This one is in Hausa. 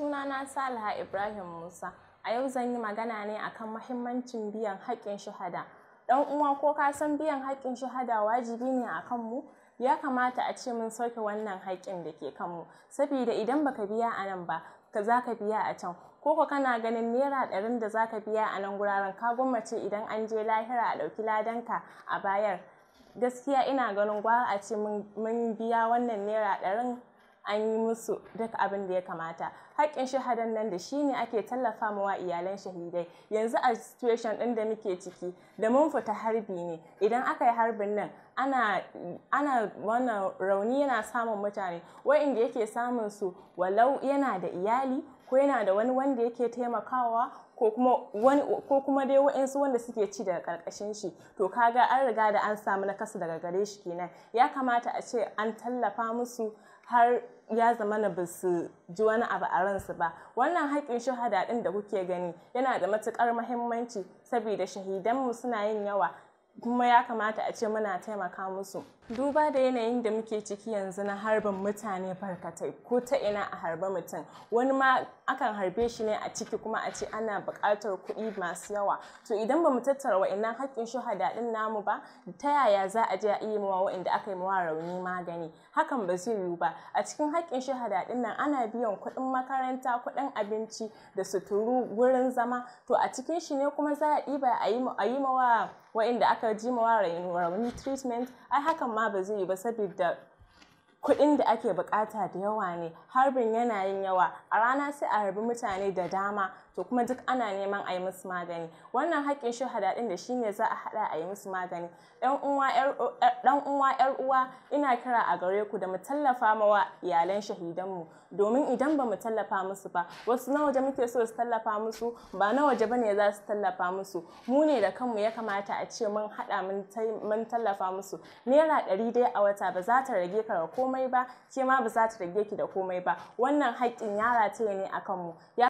Sunana Salaha Ibrahim Musa. A yau zan yi magana ne akan mahimmancin biyan haƙƙin shahada. Ɗan uwa ko ka san biyan haƙƙin shahada wajibi ne a kanmu? Ya kamata a ce mun sauke wannan haƙƙin da ke kanmu, sabida idan baka biya a nan ba, ka za ka biya a can. Ko ko kana ganin naira ɗarin da za ka biya a nan guraren ka gwammace idan an je lahira a ɗauki ladanka a bayar. Gaskiya ina ganin gwara a ce mun biya wannan naira ɗarin an yi musu duk abin da ya kamata haƙƙin shahadan nan da shi ne ake tallafa wa iyalan shahidai yanzu a situation ɗin da muke ciki da mun fita harbi ne idan aka yi harbin nan ana ana wannan rauni yana samun mutane wa'inda yake samun su walau yana da iyali ko yana da wani wanda yake taimakawa ko kuma dai wa'ansu wanda suke ci daga karkashin shi to kaga an riga da an samu nakasa daga gare shi kenan ya kamata a ce an tallafa musu har ya zama na ba su ji wani abu a ransu ba wannan haƙƙin shahada ɗin da kuke gani yana da matuƙar mahimmanci saboda shahidanmu suna yin yawa kuma ya kamata a ce muna taimaka musu duba da yanayin da muke ciki yanzu na harbin mutane farkatai ko ta ina a harba mutum wani ma akan harbe shi ne a ciki kuma a ce ana bukatar kuɗi masu yawa to idan ba mu tattara wa'annan haƙƙin shuhada ɗin namu ba ta yaya za a je a iya mawa wa'anda aka yi mawa rauni magani hakan ba zai yiwu ba a cikin haƙƙin shuhada ɗin nan ana biyan kuɗin makaranta kuɗin abinci da suturu wurin zama to a cikin shi ne kuma za a ɗiba a yi mawa wa'anda akajimo uh, wa rainwa ni treatment ai haka ma ba zai ba sabida Kudin da ake bukata da yawa ne harbin yana yin yawa a rana sai a harbi mutane da dama to kuma duk ana neman a yi musu magani wannan haƙƙin shahada ɗin da shine za a haɗa a yi musu magani ɗan uwa yar uwa ina kira a gare ku da mu tallafa mawa iyalan shahidanmu domin idan ba mu tallafa musu ba wasu na waje muke so su tallafa musu ba na waje bane za su tallafa musu mu ne da kanmu ya kamata a ce mun haɗa mun tallafa musu naira ɗari dai a wata ba za ta rage ka ko komai ba ke ma ba za ta rage ki da komai ba wannan haƙƙin ya rataye ne akan mu